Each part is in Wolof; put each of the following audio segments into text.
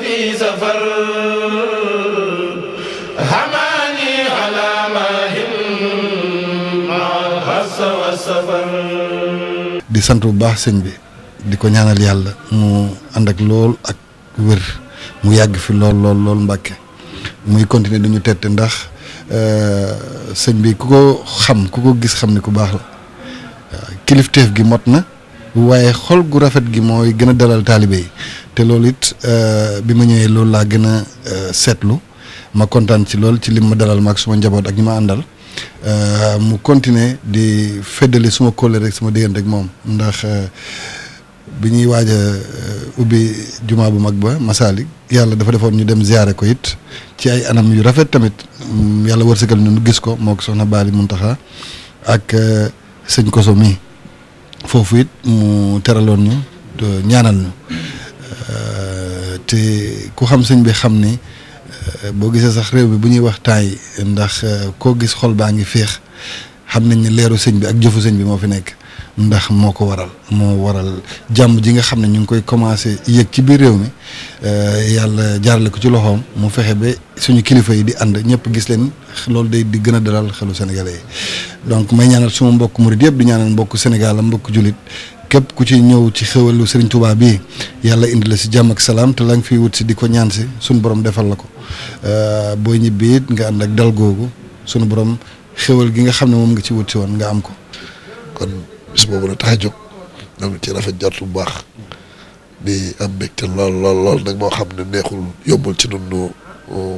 في di santu bax baax bi di ñaanal yalla mu and ak lool ak wër mu yagg fi lool lool lool mbàkke muy continuer duñu tette ndax euh, sëñ bi kuko xam kuko gis xam ni ku bax la kiliftef gi motna na waaye xol gu rafet gi mooy gën a dalal taalibe yi te loolu it euh, bi ma ñëwee loolu laa gën a euh, seetlu ma kontaan ci lool ci lim ma dalal ma ak suma njaboot ak ñu ma àndal euh, mu continuer di feddali suma kóllëre rek suma diggante ak moom ndax bi ñuy waaj ubbi jumaa bu mag ba Masalik yàlla dafa defoon ñu dem ziyaare ko it ci ay anam yu rafet tamit mm, yàlla wërsëgal nu gis ko moo ko soxna Baali Muntaxa ak sëñ Koso mi foofu it mu teraloon ñu ñaanal ñu euh, te ku xam sëñ bi xam ni euh, boo gisee sax réew bi bu ñuy wax yi ndax euh, koo gis xol baa ngi féex xam nañ ne leeru sëñ bi ak jëfu sëñ bi moo fi nekk ndax moo ko waral moo waral jàmm ji nga xam ne ñu ngi koy commencé yëg ci biir réew mi euh, yàlla jaarale ko ci loxoom mu fexe ba suñu kilifa yi di ànd ñëpp gis leen loolu de di gën a dalal xelu sénégalais yi donc may ñaanal suma mbokk murid yëpp di ñaanal mbokk Sénégal am mbokk julit képp ku ci ñëw ci xéwalu Serigne Touba bii yàlla indi la si jàmm ak salaam te la nga fiy wut si di ko ñaan si suñu borom defal la ko euh, boo ñibbi nga ànd ak dal googu suñu borom xéwal gi nga xam ne moom nga ci wut woon nga am ko bis boobu la tax a jóg ñoom ci rafet jot bu baax di am mbégte lool lool lool nag moo xam ne neexul yombul ci noonu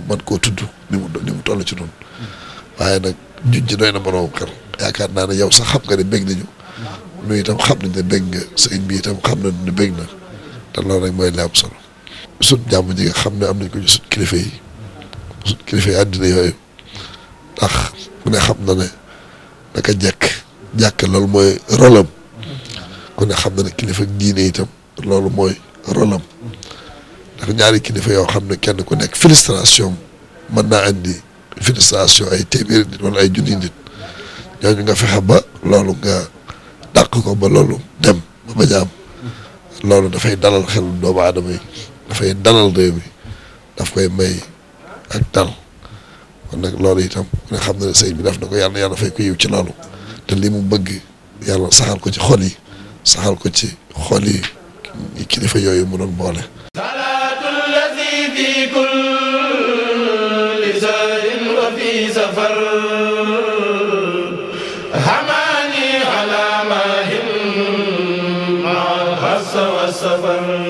man koo tudd ni mu ni toll ci noonu waaye nag ñun ci doy na moroom xel yaakaar naa ne yow sax xam nga ne bég nañu nuyu itam xam ne bég nga sëñ bi itam xam nañ ne bég na te loolu rek mooy li am solo sut jàmm ji nga xam ne am nañ ko ci sut kilifa yi sut kilifa yi àddina yooyu ndax mu ne xam na ne naka jekk. jàkka loolu mooy rolam ku ne xam na ne kilifa diine itam loolu mooy rolam ndax ñaari kilifa yoo xam ne kenn ku nekk frustration mën naa andi frustration ay téeméeri nit ay junni nit ñooñu nga fexe ba loolu nga dàq ko ba loolu dem ba bañ loolu dafay dalal xel doomu aadama yi dafay dalal réew mi daf koy may ak dal kon nag loolu itam ku ne xam na ne sëñ bi def na ko yàlla yàlla fay ko yiw ci loolu te li mu bëgg yàlla saxal ko ci xol yi saxal ko ci xol yi kilifa yooyu mu doon boole. safar